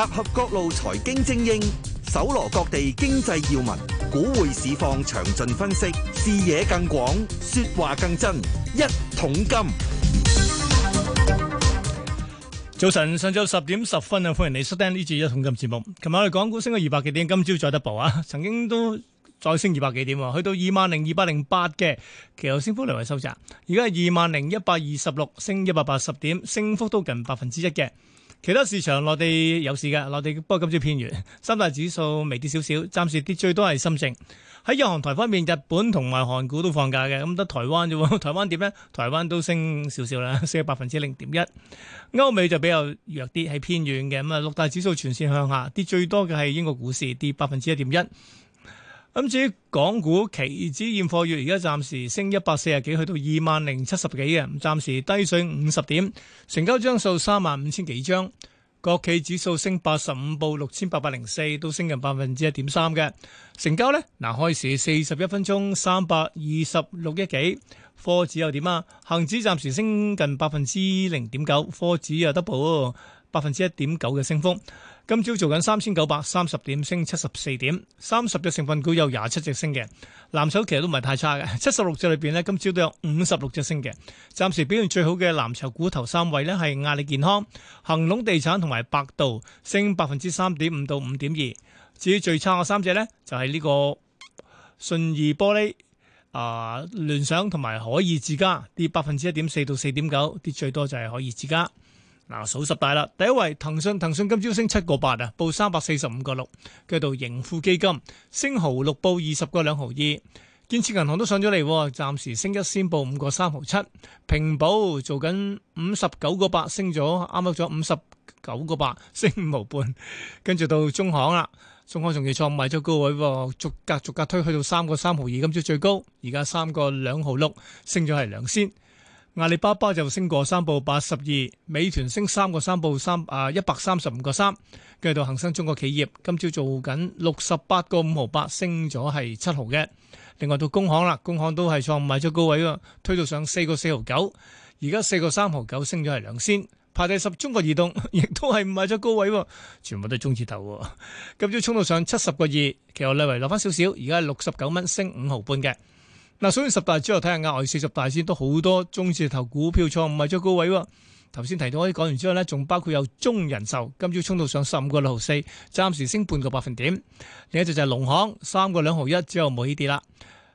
集合各路財經精英，搜羅各地經濟要聞，股匯市況詳盡分析，視野更廣，說話更真。一桶金。早晨，上晝十點十分啊，歡迎你收聽呢次一桶金節目。琴日我哋港股升咗二百幾點，今朝再得步啊！曾經都再升二百幾點啊，去到二萬零二百零八嘅，其後升幅略為收窄，而家係二萬零一百二十六，升一百八十點，升幅都近百分之一嘅。其他市場內地有事㗎。內地不過今朝偏軟，三大指數微跌少少，暫時跌最多係深證。喺日韓台方面，日本同埋韓股都放假嘅，咁、嗯、得台灣啫喎。台灣點咧？台灣都升少少啦，升咗百分之零點一。歐美就比較弱啲，係偏軟嘅。咁啊，六大指數全線向下，跌最多嘅係英國股市，跌百分之一點一。咁至於港股期指現貨月，而家暫時升一百四十幾，去到二萬零七十幾嘅，暫時低水五十點，成交張數三萬五千幾張。國企指數升八十五，報六千八百零四，都升近百分之一點三嘅。成交呢，嗱，開市四十一分鐘三百二十六億幾。科指又點啊？恒指暫時升近百分之零點九，科指又 double 喎。百分之一點九嘅升幅，今朝做緊三千九百三十點，升七十四點，三十隻成分股有廿七隻升嘅。藍籌其實都唔係太差嘅，七十六隻裏面呢，今朝都有五十六隻升嘅。暫時表現最好嘅藍籌股頭三位呢係阿里健康、恒隆地產同埋百度，升百分之三點五到五點二。至於最差嘅三隻呢，就係、是、呢個信義玻璃、啊聯想同埋海爾智家，跌百分之一點四到四點九，跌最多就係海爾智家。嗱，數十大啦，第一位騰訊，騰訊今朝升七個八啊，報三百四十五個六，跟住到盈富基金，升毫六，報二十個兩毫二，建設銀行都上咗嚟，暫時升一仙，報五個三毫七，平保做緊五十九個八，升咗啱啱咗五十九個八，升五毫半，跟住到中行啦，中行仲要創埋咗高位，逐格逐格推去到三個三毫二，今朝最高，而家三個兩毫六，升咗係兩仙。阿里巴巴就升過三倍八十二，美團升三個三倍三啊一百三十五個三，繼續到恒生中國企業今朝做緊六十八個五毫八，升咗係七毫嘅。另外到工行啦，工行都係創買咗高位喎，推到上四個四毫九，而家四個三毫九，升咗係兩仙排第十中國移動亦都係唔買咗高位，全部都係中字頭。今朝衝到上七十個二，其實我略為留翻少少，而家六十九蚊升五毫半嘅。嗱，所以十大之後睇下額外四十大先，都好多中字頭股票創唔係最高位喎。頭先提到我啲講完之後咧，仲包括有中人壽，今朝沖到上十五個六毫四，暫時升半個百分點。另一隻就係農行，三個兩毫一之後冇起跌啦。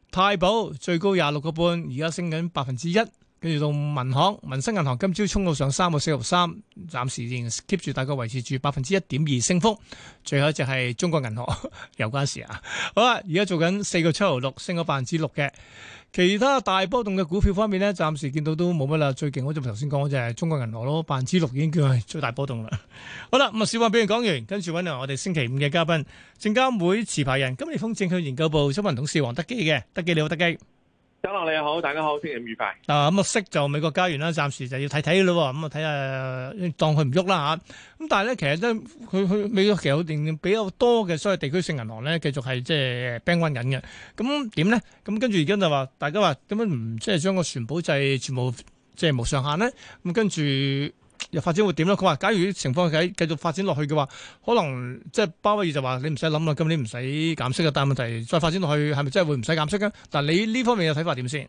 太保最高廿六個半，而家升緊百分之一。跟住到民航、民生銀行，今朝沖到上三個四十三，暫時仍然 keep 住大概維持住百分之一點二升幅。最後就係中國銀行呵呵有關事啊。好啦，啊，而家做緊四個七毫六，升咗百分之六嘅。其他大波動嘅股票方面呢，暫時見到都冇乜啦。最勁我就頭先講，我就係、是、中國銀行咯，百分之六已經叫係最大波動啦。好啦，咁啊，笑話俾你講完，跟住揾嚟我哋星期五嘅嘉賓，證監會持牌人、金利豐證券研究部新聞董事黃德基嘅，德基你好，德基。張樂你好，大家好，星期五愉快。啊，咁、嗯、啊，息就美國加完啦，暫時就要睇睇咯。咁、嗯嗯、啊，睇下當佢唔喐啦吓。咁但係咧，其實都佢佢美國其實一定比較多嘅，所謂地區性銀行咧繼續係即係兵困緊嘅。咁點咧？咁跟住而家就話，大家話點解唔即係將個存保制全部即係無上限咧？咁跟住。又發展會點咯？佢話：假如情況繼續發展落去嘅話，可能即係鮑威爾就話你唔使諗啦，今年唔使減息嘅。但問題再發展落去係咪真係會唔使減息呢？但嗱，你呢方面嘅睇法點先？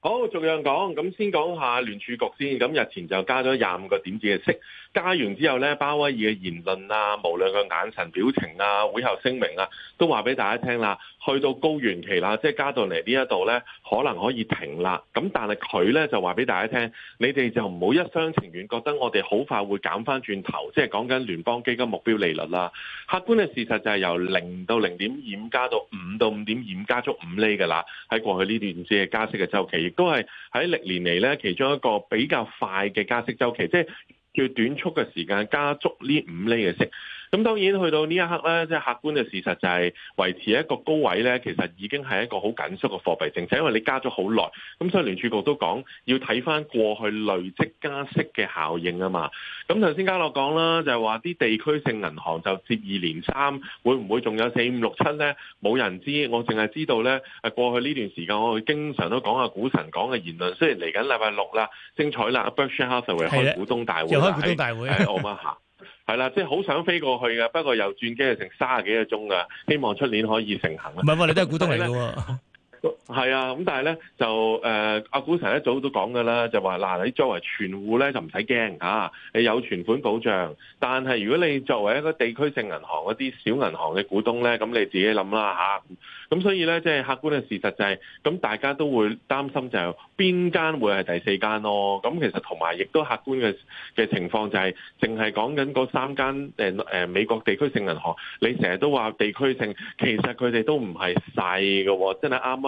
好，逐樣講，咁先講下聯儲局先。咁日前就加咗廿五個點子嘅息，加完之後咧，鮑威爾嘅言論啊，無論個眼神表情啊，會後聲明啊，都話俾大家聽啦。去到高原期啦，即係加到嚟呢一度咧，可能可以停啦。咁但係佢咧就話俾大家聽，你哋就唔好一廂情願覺得我哋好快會減翻轉頭。即係講緊聯邦基金目標利率啦。客觀嘅事實就係由零到零點二五加到五到五點二五，加足五厘噶啦。喺過去呢段即係加息嘅周期。亦都係喺歷年嚟咧，其中一個比較快嘅加息周期，即係最短促嘅時間，加足呢五厘嘅息。咁當然去到呢一刻咧，即係客觀嘅事實就係維持一個高位咧，其實已經係一個好緊縮嘅貨幣政策，就是、因為你加咗好耐。咁所以聯儲局都講要睇翻過去累積加息嘅效應啊嘛。咁頭先嘉樂講啦，就係話啲地區性銀行就接二連三，會唔會仲有四五六七咧？冇人知，我淨係知道咧。誒，過去呢段時間我會經常都講下股神講嘅言論。雖然嚟緊禮拜六啦，精彩啦，阿 Berkshire Hathaway 會開股東大會啦，係開股東大會喺澳係啦，即係好想飛過去嘅，不過又轉機成卅幾個鐘噶，希望出年可以成行啦。唔係，你都係股東嚟噶。係啊，咁但係咧就誒阿、啊、股神一早都講㗎啦，就話嗱你作為存戶咧就唔使驚嚇，你有存款保障。但係如果你作為一個地區性銀行嗰啲小銀行嘅股東咧，咁你自己諗啦嚇。咁所以咧即係客觀嘅事實就係、是，咁大家都會擔心就係邊間會係第四間咯。咁其實同埋亦都客觀嘅嘅情況就係、是，淨係講緊嗰三間、呃呃、美國地區性銀行，你成日都話地區性，其實佢哋都唔係細嘅喎，真係啱啱。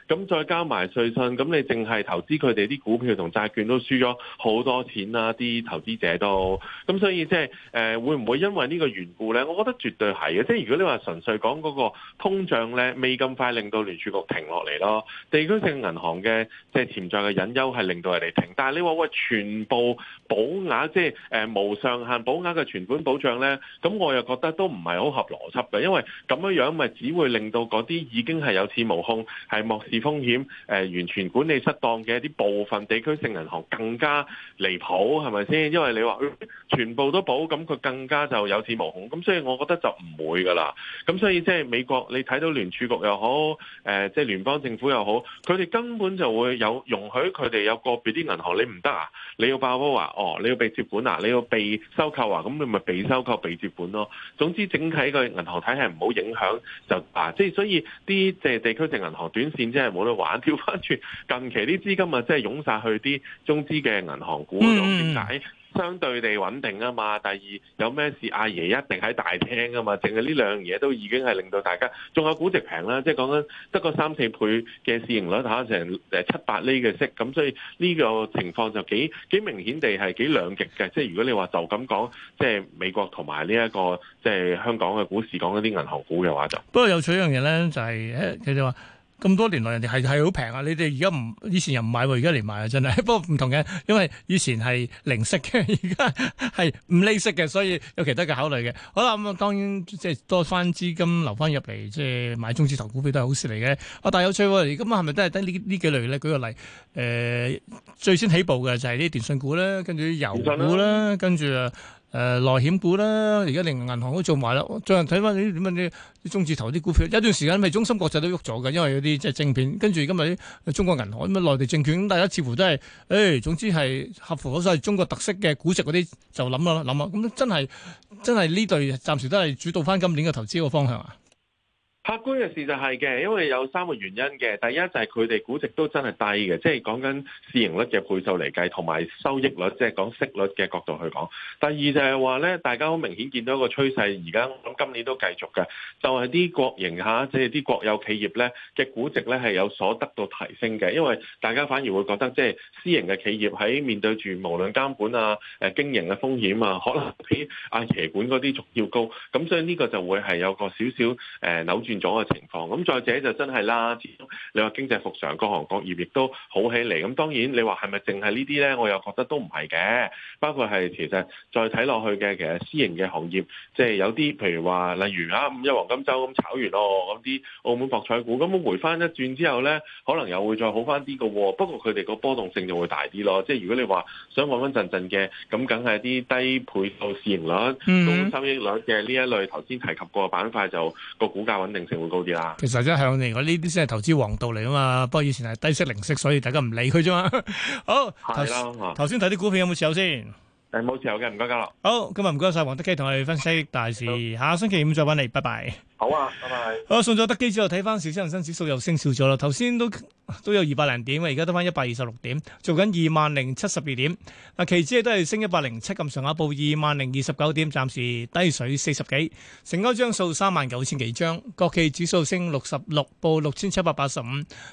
咁再加埋瑞信，咁你淨係投資佢哋啲股票同債券都輸咗好多錢啦、啊！啲投資者都，咁所以即、就、係、是呃、會唔會因為個呢個緣故咧？我覺得絕對係嘅。即係如果你話純粹講嗰個通脹咧，未咁快令到聯儲局停落嚟咯。地區性銀行嘅即係潛在嘅隱憂係令到人哋停。但係你話喂，全部保額即係誒無上限保額嘅存款保障咧，咁我又覺得都唔係好合邏輯嘅，因為咁樣樣咪只會令到嗰啲已經係有恃無恐，係漠風險誒、呃，完全管理失當嘅一啲部分地區性銀行更加離譜，係咪先？因為你話、呃、全部都保，咁佢更加就有恃無恐。咁所以我覺得就唔會噶啦。咁所以即係美國，你睇到聯儲局又好，誒、呃，即係聯邦政府又好，佢哋根本就會有容許佢哋有個別啲銀行，你唔得啊，你要爆煲啊，哦，你要被接管啊，你要被收購啊，咁你咪被收購、被接管咯。總之整體個銀行體系唔好影響就啊，即係所以啲即係地區性銀行短線啫。即係冇得玩，跳翻轉，近期啲資金啊，即係湧晒去啲中資嘅銀行股嗰度，點解相對地穩定啊嘛？第二有咩事阿爺一定喺大廳啊嘛？淨係呢兩嘢都已經係令到大家仲有估值平啦，即係講緊得個三四倍嘅市盈率吓，成誒七八厘嘅息，咁所以呢個情況就幾幾明顯地係幾兩極嘅。即係如果你話就咁講，即係美國同埋呢一個即係香港嘅股市講嗰啲銀行股嘅話，就不過有趣一樣嘢咧，就係誒佢哋話。咁多年來人哋係係好平啊，你哋而家唔以前又唔買喎，啊，而家嚟買啊！真係，不過唔同嘅，因為以前係零息嘅，而家係唔利息嘅，所以有其他嘅考慮嘅。好啦，咁、嗯、啊，當然即係多翻資金留翻入嚟，即、就、係、是、買中資投股票都係好事嚟嘅。啊，但有趣喎，啊，而家咁係咪都係得呢呢幾類咧？舉個例，呃，最先起步嘅就係啲電訊股啦，跟住啲油股啦，跟住。誒、呃、內險股啦，而家連銀行都做埋啦。最近睇翻啲點樣啲中字頭啲股票，有段時間咪中心國際都喐咗㗎，因為有啲即係政片。跟住今日啲中國銀行、咩內地證券，咁大家似乎都係誒、哎，總之係合乎所謂中國特色嘅估值嗰啲就諗下，諗下。咁真係真係呢對暫時都係主導翻今年嘅投資個方向啊！客觀嘅事就係、是、嘅，因為有三個原因嘅。第一就係佢哋估值都真係低嘅，即係講緊市盈率嘅配售嚟計，同埋收益率，即係講息率嘅角度去講。第二就係話咧，大家好明顯見到一個趨勢，而家咁今年都繼續嘅，就係、是、啲國營吓，即係啲國有企業咧嘅估值咧係有所得到提升嘅。因為大家反而會覺得，即、就、係、是、私營嘅企業喺面對住無論監管啊、誒經營嘅風險啊，可能比阿爺管嗰啲仲要高。咁所以呢個就會係有個少少誒扭轉。咗嘅情況，咁再者就真係啦，始終你話經濟復常，各行各業亦都好起嚟。咁當然你話係咪淨係呢啲咧？我又覺得都唔係嘅。包括係其實再睇落去嘅，其實私營嘅行業，即係有啲譬如話，例如啊，五一黃金周咁炒完咯，咁啲澳門博彩股咁回翻一轉之後咧，可能又會再好翻啲嘅。不過佢哋個波動性就會大啲咯。即係如果你話想穩穩陣陣嘅，咁梗係啲低倍數市盈率、高收益率嘅呢一類頭先提及過嘅板塊就個股價穩定。會高啲啦，其實而家向嚟我呢啲先係投資王道嚟啊嘛，不過以前係低息零息，所以大家唔理佢咋嘛。 好，頭先睇啲股票有冇持有先。誒，冇時候嘅，唔該，嘉樂。好，今日唔該晒黃德基同我哋分析大事。下星期五再揾你，拜拜。好啊，拜拜。我送咗德基之後，睇翻小新恆生指數又升少咗啦。頭先都都有二百零點，而家得翻一百二十六點，做緊二萬零七十二點。嗱，期指都係升一百零七，咁上下報二萬零二十九點，暫時低水四十幾。成交張數三萬九千幾張，國企指數升六十六，報六千七百八十五，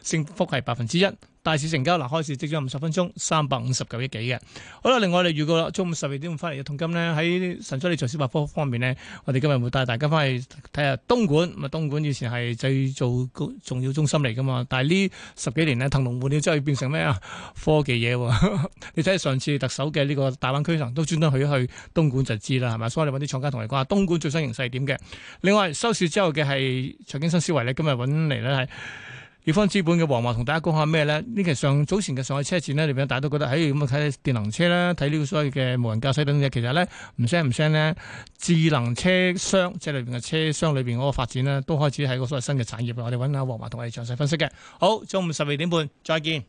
升幅係百分之一。大市成交嗱，開始即係五十分鐘，三百五十九億幾嘅。好啦，另外我哋預告啦，如果中午十二點半翻嚟嘅同金呢，喺神州理財小百科方面呢，我哋今日會帶大家翻去睇下東莞。啊，東莞以前係製造重要中心嚟㗎嘛，但係呢十幾年呢，騰龍換料之後變成咩啊？科技嘢喎， 你睇下上次特首嘅呢個大灣區層都專登去去東莞就知啦，係嘛？所以我哋揾啲廠家同你講下東莞最新形勢係點嘅。另外收市之後嘅係財經新思維天呢，今日揾嚟呢係。億方資本嘅黃華同大家講下咩咧？呢其實上早前嘅上海車展咧，裏邊大家都覺得，哎，咁啊睇電能車啦，睇呢個所謂嘅無人駕駛等等嘢，其實咧唔 s 唔 s h 咧，智能車箱即係裏邊嘅車箱裏邊嗰個發展咧，都開始喺個所謂新嘅產業。我哋揾阿黃華同我哋詳細分析嘅。好，中午十二點半再見。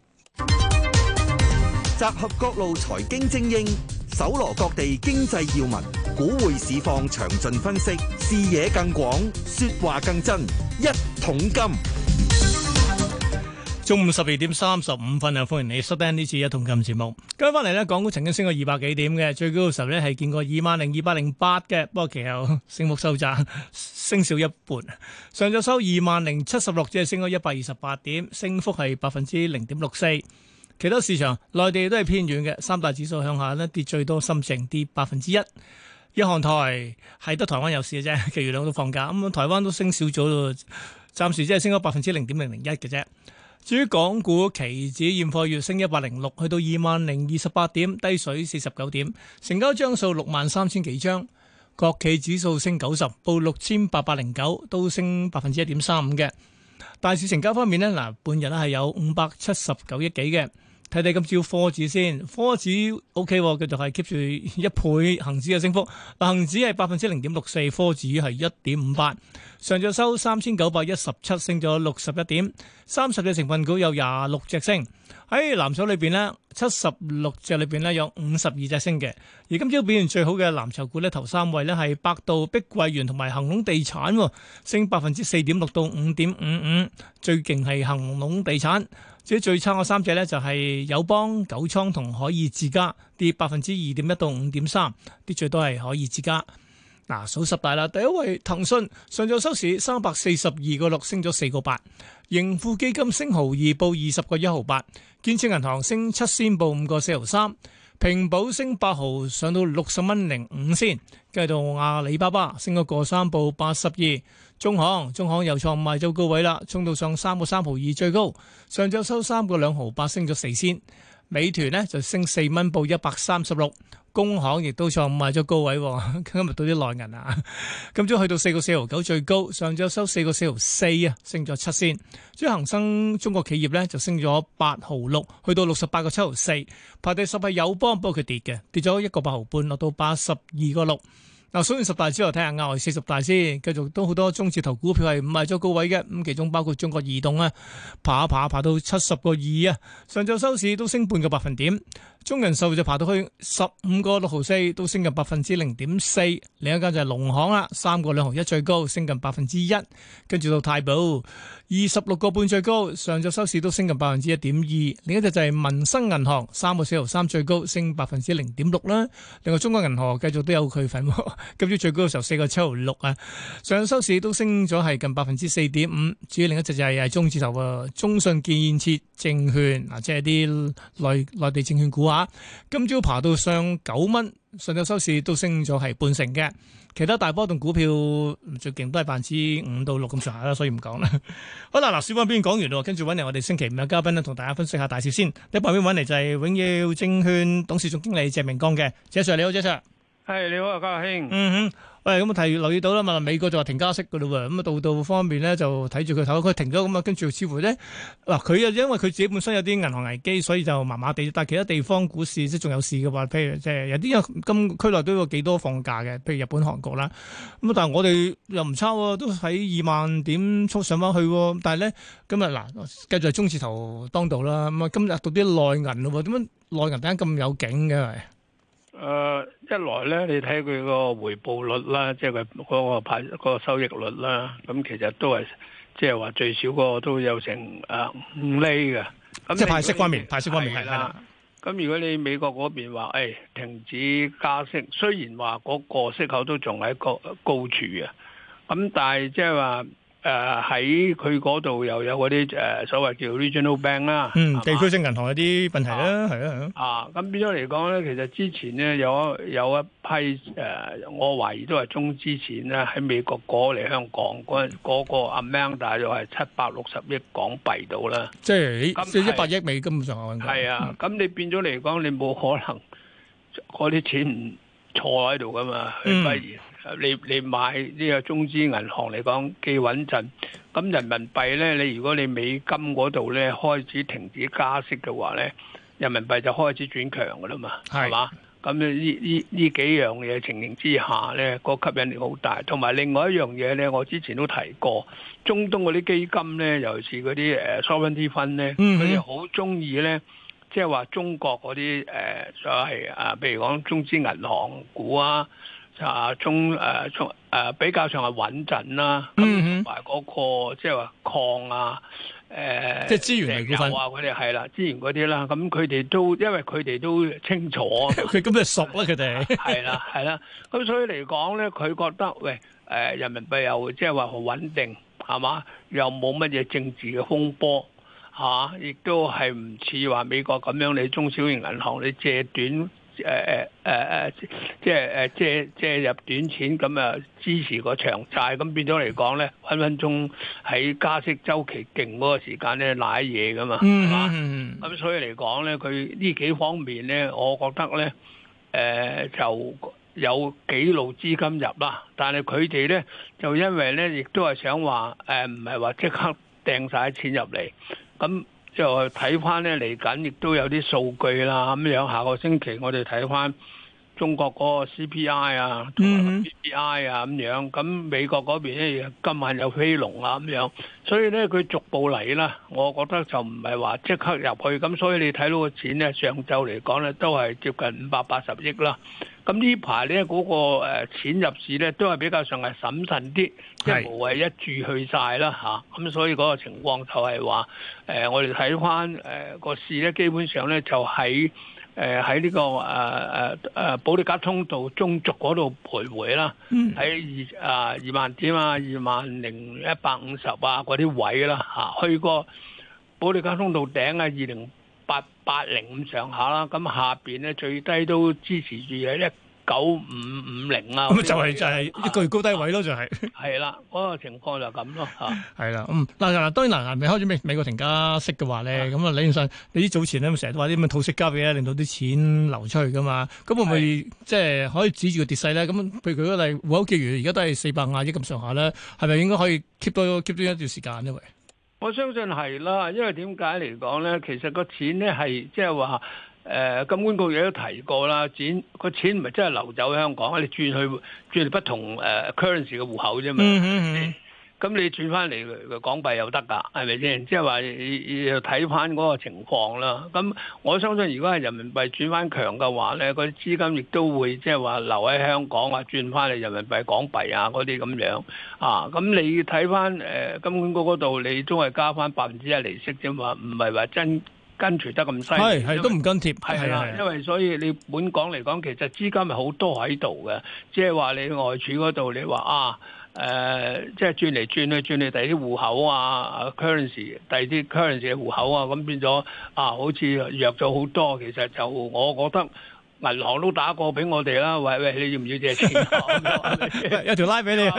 集合各路財經精英，搜羅各地經濟要聞，股匯市況詳盡分析，視野更廣，說話更真，一桶金。中午十二點三十五分，又歡迎你收聽呢次一桶金節目。今日翻嚟呢港股曾經升過二百幾點嘅，最高嘅時候呢係見過二萬零二百零八嘅，不過其後升幅收窄，升少一半。上晝收二萬零七十六，只係升咗一百二十八點，升幅係百分之零點六四。其他市場，內地都係偏軟嘅，三大指數向下呢跌最多深成，深成跌百分之一。一航台係得台灣有市嘅啫，其餘兩個都放假。咁台灣都升少咗，暫時只係升咗百分之零點零零一嘅啫。至於港股期指現貨月升一百零六，去到二萬零二十八點，低水四十九點，成交張數六萬三千幾張。國企指數升九十，報六千八百零九，都升百分之一點三五嘅。大市成交方面呢，嗱，半日呢係有五百七十九億幾嘅。睇睇今朝科指先，科指 O.K.、哦、叫做係 keep 住一倍恒指嘅升幅，恒指係百分之零點六四，科指係一點五八，上晝收三千九百一十七，升咗六十一點，三十嘅成分股有廿六隻升，喺藍籌裏邊呢，七十六隻裏邊呢有五十二隻升嘅，而今朝表現最好嘅藍籌股呢，頭三位呢係百度、碧桂園同埋恒隆地產，升百分之四點六到五點五五，最勁係恒隆地產。即最差嘅三隻咧，就係友邦、九倉同可以自家，跌百分之二點一到五點三，跌最多係可以自家。嗱、啊，數十大啦，第一位騰訊上晝收市三百四十二個六，升咗四個八。盈富基金升毫二，報二十個一毫八。建設銀行升七仙，報五個四毫三。平保升八毫，上到六十蚊零五仙。繼續阿里巴巴升個過三百八十二，中行中行又創賣到高位啦，衝到上三個三毫二最高，上晝收三個兩毫八，升咗四仙。美團呢就升四蚊報一百三十六。工行亦都唔係咗高位，今日到啲內銀啊，今朝去到四個四毫九最高，上晝收四個四毫四啊，升咗七仙。咁恒生中國企業呢就升咗八毫六，去到六十八個七毫四。排第十係友邦，不過佢跌嘅，跌咗一個八毫半，落到八十二個六。嗱，數完十大之後，睇下額外四十大先，繼續都好多中字頭股票係買咗高位嘅，咁其中包括中國移動啊，爬一爬，爬到七十個二啊，上晝收市都升半個百分點。中人壽就爬到去十五個六毫四，都升近百分之零點四。另一間就係農行啦，三個兩毫一最高，升近百分之一。跟住到太保二十六個半最高，上晝收市都升近百分之一點二。另一隻就係民生銀行三個四毫三最高，升百分之零點六啦。另外中國銀行繼續都有佢份，今朝最高嘅時候四個七毫六啊，上晝收市都升咗係近百分之四點五。至於另一隻就係中字頭啊，中信建設證券啊即係啲內內地證券股。話今朝爬到上九蚊，上晝收市都升咗係半成嘅，其他大波動股票唔最勁都係百分之五到六咁上下啦，所以唔講啦。好啦，嗱，小波邊講完啦，跟住揾嚟我哋星期五嘅嘉賓咧，同大家分析下大市先。喺旁邊揾嚟就係永耀證券董事總經理謝明光嘅，謝 Sir 你好，謝 Sir。係你好啊，嘉慶。嗯哼。喂、哎，咁啊睇留意到啦，咪美國就話停加息噶啦喎，咁啊到到方面咧就睇住佢唞，佢停咗，咁啊跟住似乎咧，嗱佢又因為佢自己本身有啲銀行危機，所以就麻麻地，但係其他地方股市即仲有事嘅話，譬如即係有啲啊，今區內都有幾多放假嘅，譬如日本、韓國啦，咁但係我哋又唔差喎，都喺二萬點速上翻去，但係咧今日嗱，繼續係中字頭當道啦，咁啊今日讀啲內銀咯，點樣內銀突然間咁有景嘅？誒、uh, 一來咧，你睇佢個回報率啦，即係佢個派嗰個收益率啦，咁其實都係即係話最少個都有成誒五厘嘅，即係派息方面，派息方面係啦。咁如果你美國嗰邊話誒停止加息，雖然話嗰個息口都仲喺個高處啊，咁但係即係話。誒、呃，喺佢嗰度又有嗰啲誒，所謂叫 regional bank 啦，嗯，地區性銀行有啲問題啦，係啦，啊，咁、啊啊啊、變咗嚟講咧，其實之前咧有有一批誒、呃，我懷疑都係中資錢咧喺美國過嚟香港嗰嗰、嗰個 amount，大約係七百六十億港幣到啦，即係一一百億美金咁上下係啊，咁、啊嗯、你變咗嚟講，你冇可能嗰啲錢唔坐喺度噶嘛？嗯。你你買呢個中資銀行嚟講幾穩陣，咁人民幣咧，你如果你美金嗰度咧開始停止加息嘅話咧，人民幣就開始轉強噶啦嘛，係嘛？咁呢呢呢幾樣嘢情形之下咧，個吸引力好大，同埋另外一樣嘢咧，我之前都提過，中東嗰啲基金咧，尤其是嗰啲誒 sovereign fund 咧，佢哋好中意咧，即係話中國嗰啲誒，就係啊，譬如講中資銀行股啊。啊，從誒從比較上係穩陣啦，同埋嗰個即係話礦啊，誒、呃、即係資源嚟嘅分啊，佢哋係啦，資源嗰啲啦，咁佢哋都因為佢哋都清楚，佢咁就熟啦，佢哋係啦係啦，咁所以嚟講咧，佢覺得喂誒人民幣又即係話好穩定，係嘛？又冇乜嘢政治嘅風波，嚇、啊、亦都係唔似話美國咁樣，你中小型銀行你借短。誒誒誒誒，即係誒即係即係入短錢咁啊，支持個長債咁變咗嚟講咧，分分鐘喺加息周期勁嗰個時間咧，賴嘢噶嘛，係嘛？、mm-hmm. 咁所以嚟講咧，佢呢幾方面咧，我覺得咧、呃，就有幾路資金入啦，但係佢哋咧就因為咧，亦都係想話誒，唔係話即刻掟曬錢入嚟咁。就睇翻咧，嚟緊亦都有啲數據啦，咁樣下個星期我哋睇翻。中國嗰個 CPI 啊，同埋 PPI 啊咁樣，咁美國嗰邊咧今晚有飛龍啊咁樣，所以咧佢逐步嚟啦，我覺得就唔係話即刻入去，咁所以你睇到個錢咧，上晝嚟講咧都係接近五百八十億啦。咁呢排咧嗰個誒錢入市咧都係比較上係審慎啲，即係無謂一注去晒啦吓，咁所以嗰個情況就係話誒，我哋睇翻誒個市咧，基本上咧就喺、是誒喺呢個誒誒誒保利加通道中軸嗰度徘徊啦，喺二啊二萬點啊二萬零一百五十啊嗰啲位啦嚇，去過保利加通道頂啊二零八八零五上下啦，咁下邊咧最低都支持住喺一九五五零啊，咁就係、是、就係、是、一個月高低位咯，啊，就係、是。係 啦，嗰、那個情況就咁咯嚇。係、啊、啦，嗯，嗱嗱，當然嗱，未開始美美國停加息嘅話咧，咁啊李先生，你啲早前咧，咪成日都話啲咁嘅套息交易啊，令到啲錢流出去噶嘛，咁會唔會即係、就是、可以止住個跌勢咧？咁譬如佢嗰個戶口結餘，而家都係四百廿億咁上下咧，係咪應該可以 keep 多 keep 多一段時間咧？喂，我相信係啦，因為點解嚟講咧？其實個錢咧係即係話。就是誒金管局亦都提過啦，錢個錢唔係真係流走香港，你轉去轉去不同誒 currency 嘅戶口啫嘛。咁、嗯嗯嗯、你轉翻嚟港幣又得㗎，係咪先？即係話你要睇翻嗰個情況啦。咁我相信如果係人民幣轉翻強嘅話咧，嗰啲資金亦都會即係話留喺香港，轉港啊，轉翻嚟人民幣、港幣啊嗰啲咁樣啊。咁你睇翻誒金管局嗰度，你都係加翻百分之一利息啫嘛，唔係話真。跟住得咁犀利，係係都唔跟貼，係啦，因為所以你本港嚟講，其實資金係好多喺度嘅，即係話你外儲嗰度，你話啊，即、呃、係轉嚟轉去轉去第啲戶口啊，currency，第啲 currency 嘅戶口啊，咁、啊、變咗啊，好似弱咗好多，其實就我覺得。銀行都打過俾我哋啦，喂喂，你要唔要借錢？ 這樣說 有條拉俾你，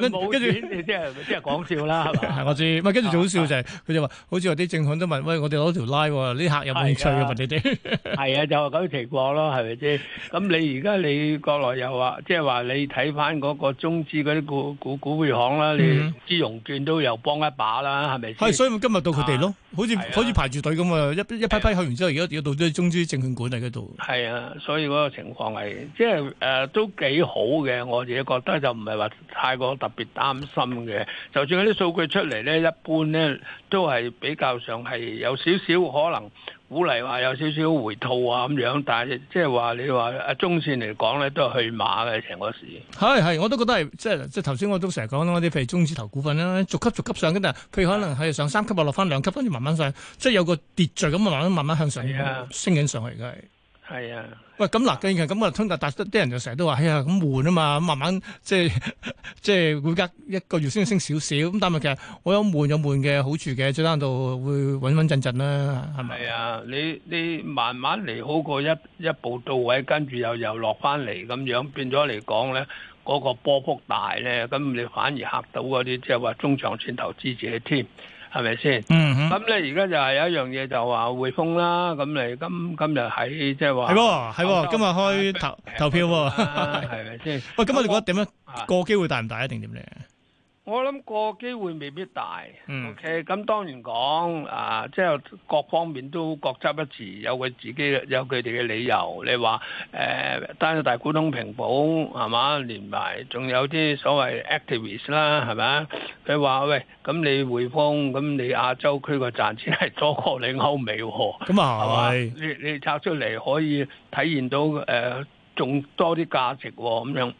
跟住錢，你即係即係講笑啦。係我知，唔係跟住仲好笑就係、是，佢、啊、就話好似話啲證券都問、啊，喂，我哋攞條拉喎，啲、啊、客有冇興趣是啊，問你哋。係 啊，就係咁嘅情況咯，係咪先？咁你而家你國內又話，即係話你睇翻嗰個中資嗰啲股股股票行啦，嗯、你資融券都又幫一把啦，係咪先？係、啊，所以今日到佢哋咯，好似好似排住隊咁啊！啊一一批批去完之後，而家而家到咗中資證券館喺嗰度。係啊。所以嗰個情況係即係誒、呃、都幾好嘅，我自己覺得就唔係話太過特別擔心嘅。就算嗰啲數據出嚟咧，一般咧都係比較上係有少少可能鼓勵話有少少回吐啊咁樣，但係即係話你話啊中線嚟講咧都係去馬嘅成個市。係係，我都覺得係即係即係頭先我都成日講啦，啲譬如中資投股份啦，逐級逐級上嘅，但係佢可能係上三級或落翻兩級，跟住慢慢上，即係有個秩序咁慢慢慢慢向上、啊、升緊上去嘅。係。係啊，喂，咁嗱，最近咁啊，通達達啲人就成日都話，哎呀，咁悶啊嘛，咁慢慢即係即係會隔一個月先升升少少，咁但係其實我有悶有悶嘅好處嘅，最低限度會穩穩陣陣啦，係咪？係啊，你你慢慢嚟好過一一步到位，跟住又又落翻嚟咁樣，變咗嚟講咧，嗰個波幅大咧，咁你反而嚇到嗰啲即係話中長線投資者添。係咪先？咁呢而家就係有一樣嘢，就話匯豐啦。咁你今今日喺即係話係喎，今日開投、就係、投票喎。係咪先？喂、啊，咁我哋覺得點樣個、啊、機會大唔大？定點咧？我諗個機會未必大，嗯，OK？咁當然講啊，即係各方面都各執一詞，有佢自己，有佢哋嘅理由。你話誒，單大股東平保係嘛？連埋仲有啲所謂 activists 啦，係咪？佢話喂，咁你匯豐，咁你亞洲區個賺錢係多過你歐美，咁啊係咪？你你拆出嚟可以體現到誒，仲多啲價值咁樣。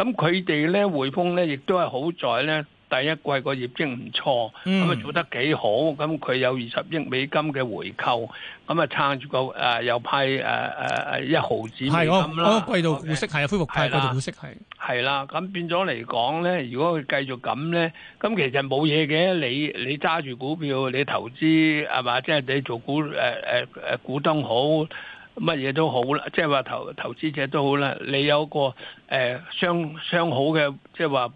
咁佢哋咧，匯豐咧，亦都係好在咧，第一季個業績唔錯，咁啊做得幾好，咁佢有二十億美金嘅回購，咁啊撐住個誒、呃，又派誒誒誒一毫子咁咯，個、哦哦、季度股息係啊，恢復派季度股息係。係啦，咁、啊啊、變咗嚟講咧，如果佢繼續咁咧，咁其實冇嘢嘅，你你揸住股票，你投資係嘛，即係、就是、你做股誒誒誒股東好。乜嘢都好啦，即係話投投資者都好啦，你有個個誒相相好嘅，即係話誒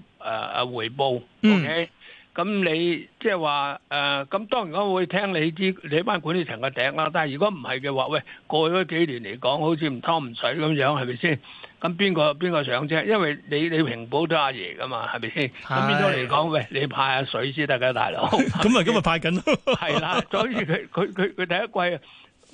誒回報、嗯、，OK？咁你即係話誒，咁、就是呃、當然我會聽你啲你班管理層嘅笛啦，但係如果唔係嘅話，喂，過去嗰幾年嚟講，好似唔湯唔水咁樣，係咪先？咁邊個邊個上啫？因為你你平保都阿爺㗎嘛，係咪先？咁邊度嚟講？喂，你派下水先得㗎大佬。咁 咪 今日派緊咯。係 啦，所以佢佢佢佢第一季。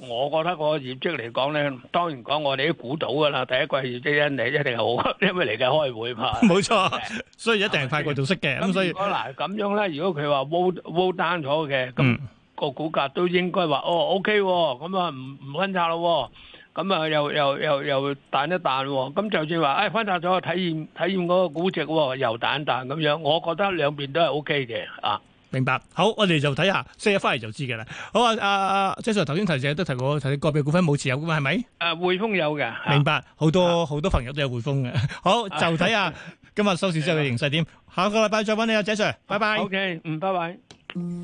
我覺得個業績嚟講咧，當然講我哋都估到㗎啦。第一季業績因嚟一定好，因為嚟緊開會嘛。冇錯是是，所以一定係快過度息嘅。咁、嗯、所以嗱咁樣咧，如果佢話 hold down 咗嘅，咁、那個股價都應該話、嗯、哦 OK 喎、哦，咁啊唔唔分拆咯、哦，咁啊又又又又，又彈一彈喎、哦。咁就算話誒、哎、分拆咗，體驗體驗嗰個估值又、哦、彈一彈咁樣，我覺得兩邊都係 OK 嘅啊。明白，好，我哋就睇下即刻翻嚟就知噶啦。好啊，阿阿 J Sir，頭先頭只都提，提過，提個別股份冇持有噶嘛，係咪？誒、啊，匯豐有嘅，明白，好、啊、多好、啊、多朋友都有匯豐嘅。好，就睇下、啊、今日收市之後嘅形勢點。下個禮拜再揾你 J Sir, 啊，J Sir，拜拜。O K，嗯，拜拜。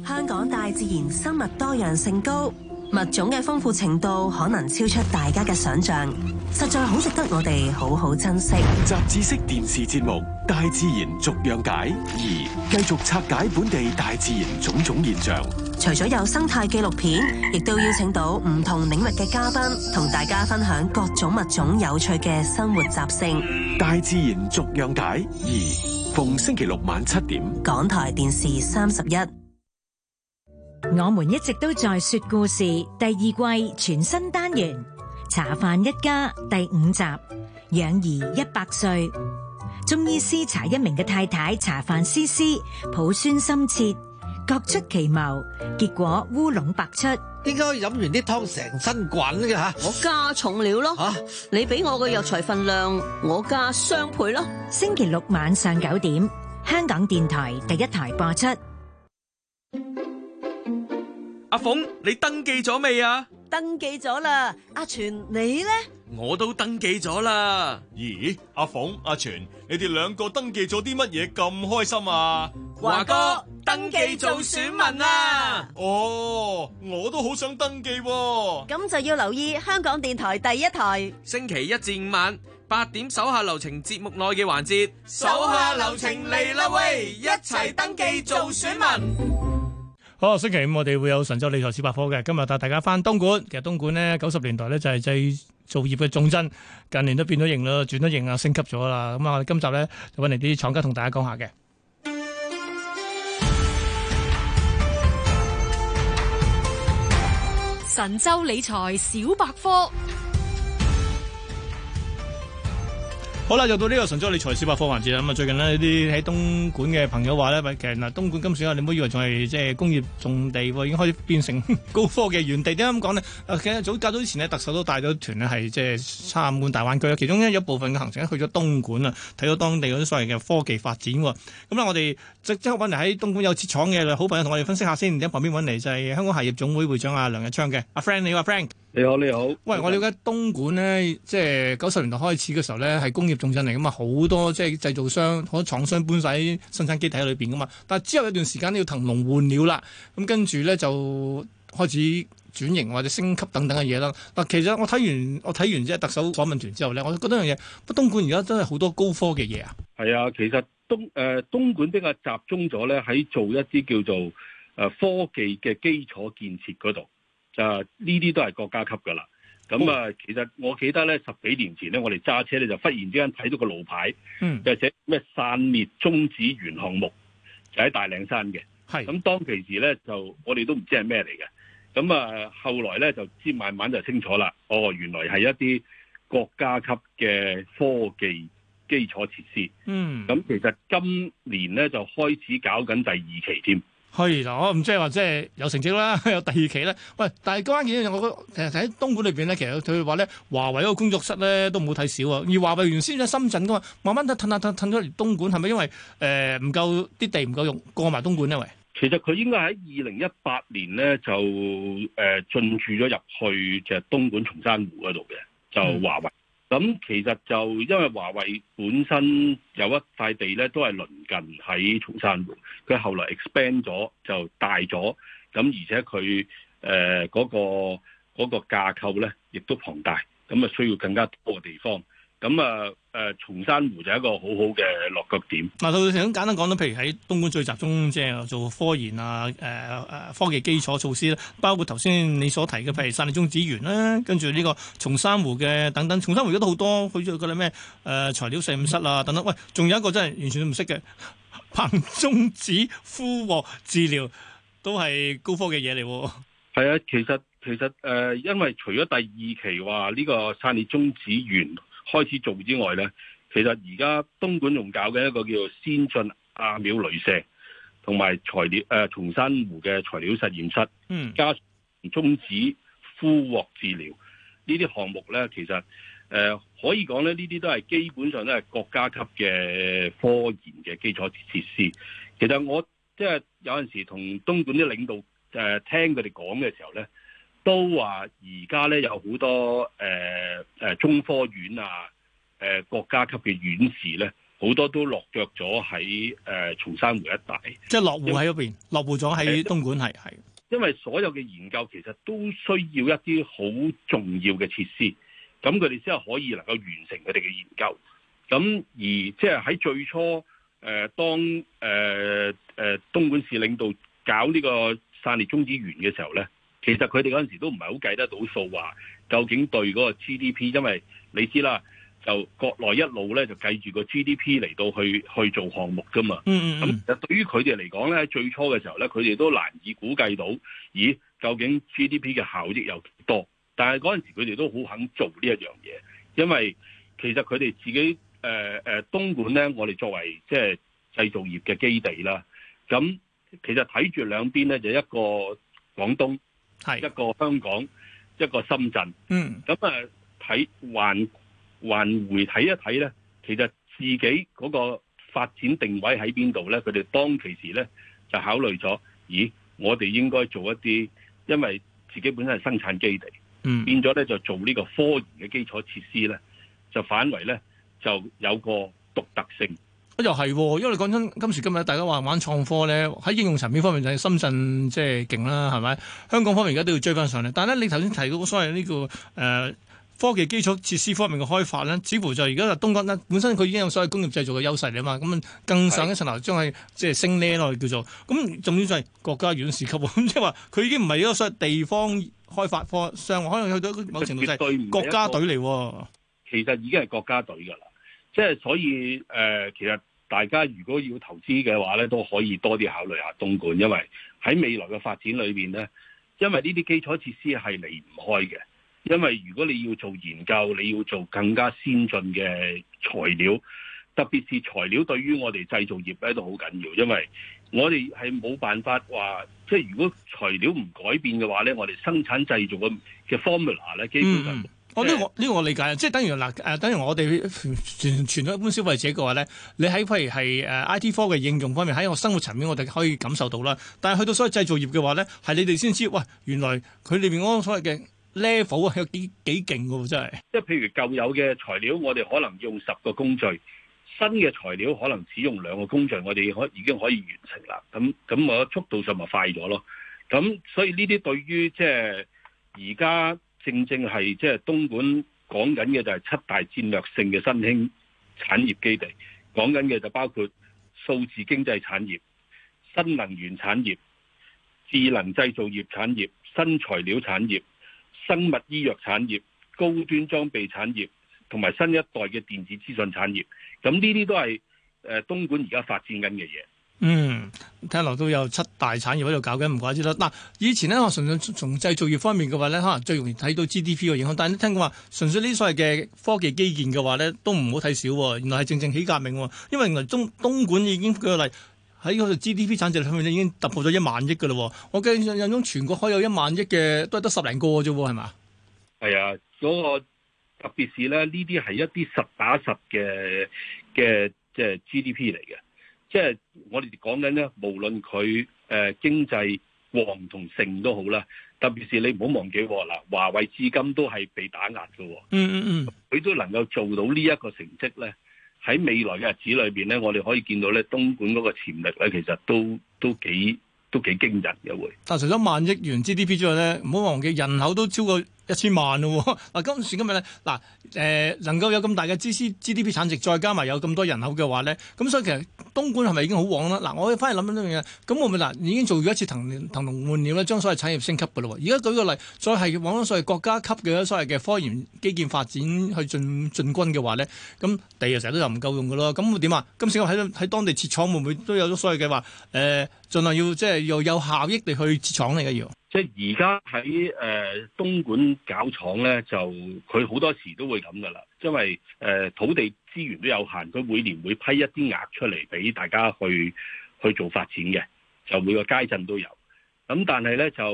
香港大自然生物多樣性高。物種嘅豐富程度可能超出大家嘅想象，實在好值得我哋好好珍惜。雜誌式電視節目《大自然逐樣解二》，繼續拆解本地大自然種種現象。除咗有生態紀錄片，亦都邀請到唔同領域嘅嘉賓，同大家分享各種物種有趣嘅生活習性。《大自然逐樣解二》，逢星期六晚七點，港台電視三十一。我們一直都在說故事第二季全新單元《茶飯一家》第五集《養兒一百歲》，中醫師查一名嘅太太茶飯思思，抱孫心切，各出奇謀，結果烏龍百出。應該飲完啲湯成身滾嘅吓？我加重料咯，吓、啊、你俾我嘅藥材分量，我加雙倍咯。星期六晚上九點，香港電台第一台播出。阿鳳，你登記咗未啊？登記咗啦，阿全你呢？我都登記咗啦。咦，阿鳳、阿全，你哋兩個登記咗啲乜嘢咁開心啊？華哥，登記做選民啊！哦，我都好想登記。咁就要留意香港電台第一台，星期一至五晚八點手下留情節目內嘅環節，手下留情嚟啦喂！一齊登記做選民。好，星期五我哋會有神州理財小百科嘅。今日帶大家返東莞，其實東莞呢，九十年代呢就係製造業嘅重鎮，近年都變咗型啦，轉咗型啊，升級咗啦。咁啊，我哋今集呢，就揾嚟啲廠家同大家講下嘅。神州理財小百科。好啦，又到呢個神州理財小百科環節啦。咁啊，最近呢啲喺東莞嘅朋友話呢，喂，其實嗱，東莞今時啊，你唔好以為仲係即係工業重地，已經開始變成高科技園地。點解咁講呢？其實早較，早之前呢，特首都帶咗團呢，係即係參觀大灣區啦。其中一部分嘅行程咧，去咗東莞啊，睇到當地嗰啲所謂嘅科技發展。咁啦，我哋即刻搵嚟喺東莞有設廠嘅好朋友同我哋分析下先。喺旁邊搵嚟就係香港鞋業總會會長阿梁日昌嘅，阿 Frank，你好阿 Frank 你好，你好。喂，我了解東莞咧，即係九十年代開始嘅時候咧，係工業重鎮嚟，噶嘛，好多即係製造商、好多廠商搬晒生產機體喺裏邊噶嘛。但係之後一段時間呢要騰籠換鳥啦，咁跟住咧就開始轉型或者升級等等嘅嘢啦。但其實我睇完我睇完即係特首訪問團之後咧，我覺得樣嘢，不東莞而家真係好多高科技嘅嘢啊。係啊，其實東誒、呃、東莞比較集中咗咧喺做一啲叫做誒科技嘅基礎建設嗰度。就呢啲都係國家級噶啦，咁啊、哦，其實我記得咧，十幾年前咧，我哋揸車咧就忽然之間睇到個路牌，嗯、就寫咩散裂中子源項目，就喺大嶺山嘅。係咁當其時咧，就我哋都唔知係咩嚟嘅，咁啊後來咧就知慢慢就清楚啦。哦，原來係一啲國家級嘅科技基礎設施。嗯。咁其實今年咧就開始搞緊第二期添。係，我唔即係話即係有成績啦，有第二期咧。喂，但係關鍵嘅嘢，我覺得其實喺東莞裏邊咧，其實佢話咧，華為嗰個工作室咧都唔好睇少啊。而華為原先喺深圳噶嘛，慢慢褪下褪褪咗嚟東莞，係咪因為誒唔夠啲地唔夠用？過埋東莞因為，其實佢應該喺二零一八年咧就誒進駐咗入去就東莞松山湖嗰度嘅，就華為。咁其實就因為華為本身有一塊地咧，都係鄰近喺松山湖。佢後來 expand 咗就大咗，咁而且佢誒嗰個嗰個架構咧，亦都龐大，咁啊需要更加多嘅地方。咁啊，誒、呃，松山湖就係一個好好嘅落腳點。嗱，我想簡單講到，譬如喺東莞最集中，即係做科研啊，誒、呃、誒，科技基礎措施咧，包括頭先你所提嘅，譬如散裂中子源啦，跟住呢個松山湖嘅等等，松山湖而家都好多，好似啲咩誒材料實驗室啊等等。喂，仲有一個真係完全唔識嘅，硼中子俘獲治療都係高科技嘢嚟。係啊，其實其實誒、呃，因為除咗第二期話呢、這個散裂中子源，開始做之外呢，其實而家東莞仲搞緊一個叫做先進亞秒雷射同埋材料誒、呃、松山湖嘅材料實驗室，嗯，加中子俘獲治療呢啲項目呢，其實誒、呃、可以講呢，呢啲都係基本上都係國家級嘅科研嘅基礎設施。其實我即係、就是、有陣時同東莞啲領導誒、呃、聽佢哋講嘅時候呢，都話而家咧有好多、呃、中科院啊誒、呃、國家級嘅院士咧，好多都落腳咗喺誒松山湖一帶，即係落戶喺嗰邊，落戶咗喺東莞係係。因為所有嘅研究其實都需要一啲好重要嘅設施，咁佢哋先係可以能夠完成佢哋嘅研究。咁而即係喺最初誒、呃、當、呃、東莞市領導搞呢個散裂中子源嘅時候咧。其實佢哋嗰陣時都唔係好計得到數，啊，話究竟對嗰個 GDP，因為你知啦，就國內一路咧就計住個 GDP 嚟到去去做項目㗎嘛。咁其實對於佢哋嚟講咧，最初嘅時候咧，佢哋都難以估計到，咦，究竟 GDP 嘅效益有幾多？但係嗰陣時佢哋都好肯做呢一樣嘢，因為其實佢哋自己誒誒、呃、東莞咧，我哋作為即係製造業嘅基地啦。咁其實睇住兩邊咧，就一個廣東。係一個香港，一個深圳。嗯，咁啊，睇還還回睇一睇咧，其實自己嗰個發展定位喺邊度咧？佢哋當其時咧就考慮咗，咦，我哋應該做一啲，因為自己本身係生產基地，嗯，變咗咧就做呢個科研嘅基礎設施咧，就反為咧就有個獨特性。啊、又係、哦，因為你講真，今時今日大家話玩創科咧，喺應用層面方面就係深圳即係勁啦，係咪？香港方面而家都要追翻上嚟。但係咧，你頭先提到所謂呢、這個誒、呃、科技基礎設施方面嘅開發咧，似乎就而家東江咧本身佢已經有所謂工業製造嘅優勢嚟啊嘛，咁、嗯、更上一層樓將、就、係、是、即係升呢咯，叫做。咁重點就係國家院士級，即係話佢已經唔係一個所謂地方開發科上，可能去到某程度就係係國家隊嚟。其實已經係國家隊㗎啦。即係所以誒、呃，其實大家如果要投資嘅話咧，都可以多啲考慮一下東莞，因為喺未來嘅發展裏邊咧，因為呢啲基礎設施係離唔開嘅。因為如果你要做研究，你要做更加先進嘅材料，特別是材料對於我哋製造業咧都好緊要，因為我哋係冇辦法話，即係如果材料唔改變嘅話咧，我哋生產製造嘅嘅 formula 咧，基本上、嗯。我呢個呢個我理解，即係等於嗱誒，等於我哋全傳傳一般消費者嘅話咧，你喺譬如係誒 I T 科嘅應用方面，喺我生活層面我哋可以感受到啦。但係去到所謂製造業嘅話咧，係你哋先知，喂，原來佢裏邊嗰個所謂嘅 level 啊，有幾幾勁㗎喎，真係。即係譬如舊有嘅材料，我哋可能用十個工序，新嘅材料可能只用兩個工序，我哋可已經可以完成啦。咁咁我速度上咪快咗咯。咁所以呢啲對於即係而家。正正係即係東莞講緊嘅就係七大戰略性嘅新興產業基地，講緊嘅就包括數字經濟產業、新能源產業、智能製造業產業、新材料產業、生物醫藥產業、高端裝備產業同埋新一代嘅電子資訊產業，咁呢啲都係誒東莞而家發展緊嘅嘢。嗯，聽落都有七大產業喺度搞緊唔怪之得。嗱、啊，以前咧，我純粹從製造業方面嘅話咧，可能最容易睇到 GDP 嘅影響。但係你聽講話，純粹呢啲所謂嘅科技基建嘅話咧，都唔好睇少。原來係正正起革命。因為原來中東莞已經舉例喺嗰個 GDP 產值方面已經突破咗一萬億嘅咯。我記得印象中全國可有一萬億嘅，都係得十零個啫，係嘛？係啊，嗰個特別是咧，呢啲係一啲實打實嘅嘅即係 GDP 嚟嘅。即係我哋講緊咧，無論佢誒、呃、經濟旺同盛都好啦。特別是你唔好忘記嗱，華為至今都係被打壓嘅。嗯嗯嗯，佢都能夠做到呢一個成績咧，喺未來嘅日子裏邊咧，我哋可以見到咧，東莞嗰個潛力咧，其實都都幾都幾驚人嘅會。但除咗萬億元 GDP 之外咧，唔好忘記人口都超過一千萬咯。嗱，今時今日咧，嗱。誒、呃、能夠有咁大嘅 GDP 產值，再加埋有咁多人口嘅話咧，咁所以其實東莞係咪已經好旺了啦？嗱，我翻去諗緊一樣嘢，咁會唔會嗱，已經做咗一次騰騰籠換鳥啦，將所謂產業升級嘅咯。而家舉個例，再係往所謂國家級嘅所謂嘅科研基建發展去進進軍嘅話咧，咁地日成日都又唔夠用嘅咯。咁會點啊？今次我喺喺當地設廠會唔會都有咗所謂嘅話？誒、呃，盡量要即係又有效益地去設廠嚟嘅要。即係而家喺誒東莞搞廠咧，就佢好多時都會。係咁噶啦，因為誒土地資源都有限，佢每年會批一啲額出嚟俾大家去去做發展嘅，就每個街鎮都有。咁但係咧就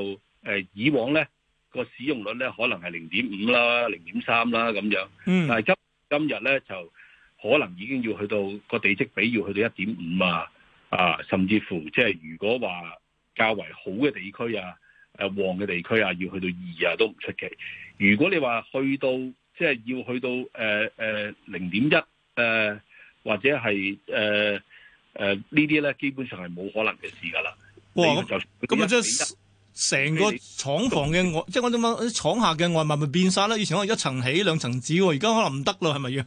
誒以往咧個使用率咧可能係零點五啦、零點三啦咁樣，但係今今日咧就可能已經要去到個地積比要去到一點五啊啊，甚至乎即係如果話較為好嘅地區啊、誒旺嘅地區啊，要去到二啊都唔出奇。如果你話去到即係要去到誒誒零點一誒，或者係誒誒呢啲咧，呃呃、基本上係冇可能嘅事㗎啦。咁啊，即成個廠房嘅外，即係我諗，廠下嘅外貌咪變晒啦。以前可能一層起兩層止，而家可能唔得啦，係咪啊？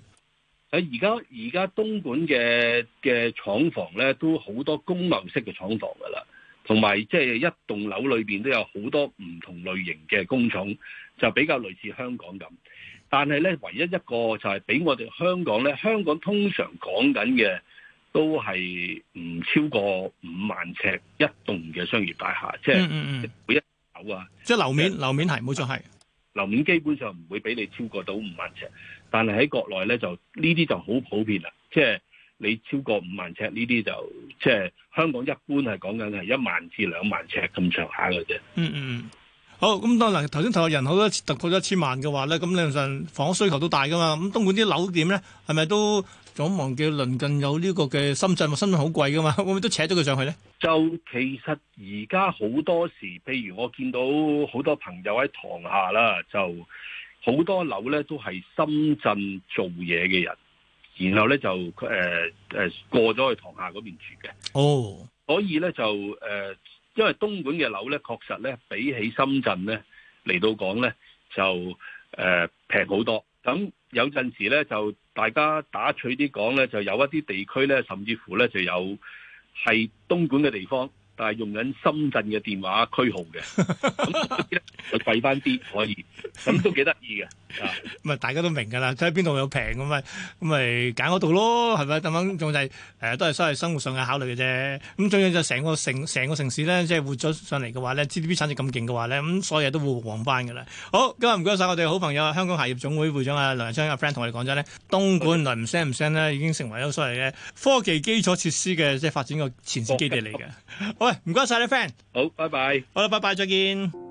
喺而家而家東莞嘅嘅廠房咧，都好多公務式嘅廠房㗎啦，同埋即係一棟樓裏邊都有好多唔同類型嘅工廠，就比較類似香港咁。但係咧，唯一一個就係俾我哋香港咧，香港通常講緊嘅都係唔超過五萬尺一棟嘅商業大廈，嗯嗯即係每一樓啊。嗯嗯即係樓面，樓面係冇錯係。啊樓面基本上唔會俾你超過到五萬尺，但係喺國內咧就呢啲就好普遍啦。即係你超過五萬尺呢啲就即係香港一般係講緊係一萬至兩萬尺咁上下嘅啫。嗯嗯。好咁，當然頭先提下人口都突破咗一千萬嘅話咧，咁理論上房屋需求都大噶嘛。咁東莞啲樓點咧？係咪都仲唔忘記鄰近有呢個嘅深圳？深圳好貴噶嘛，會唔會都扯咗佢上去咧？就其實而家好多時，譬如我見到好多朋友喺塘廈啦，就好多樓咧都係深圳做嘢嘅人，然後咧就誒誒、呃、過咗去塘廈嗰邊住嘅。哦、oh.，所以咧就誒。呃因為東莞嘅樓咧，確實咧比起深圳咧嚟到講咧，就誒平好多。咁有陣時呢，就、呃、呢就大家打趣啲講咧，就有一啲地區咧，甚至乎呢，就有係東莞嘅地方，但係用緊深圳嘅電話區號嘅，就貴翻啲可以，咁都幾得意嘅。咁啊！ 大家都明噶啦，睇邊度有平咁咪咁咪揀嗰度咯，係咪？咁樣仲就係誒，都係所謂生活上嘅考慮嘅啫。咁仲重要就成個城，成個城市咧，即係活咗上嚟嘅話咧，GDP 產值咁勁嘅話咧，咁、嗯、所有嘢都會旺翻噶啦。好，今日唔該晒我哋好朋友香港行業總會會長阿梁昌阿 friend 同我哋講咗咧，東莞唔聲唔聲咧，已經成為咗所謂嘅科技基礎設施嘅即係發展個前線基地嚟嘅。好，唔該晒你 friend。好，拜拜。好啦，拜拜，再見。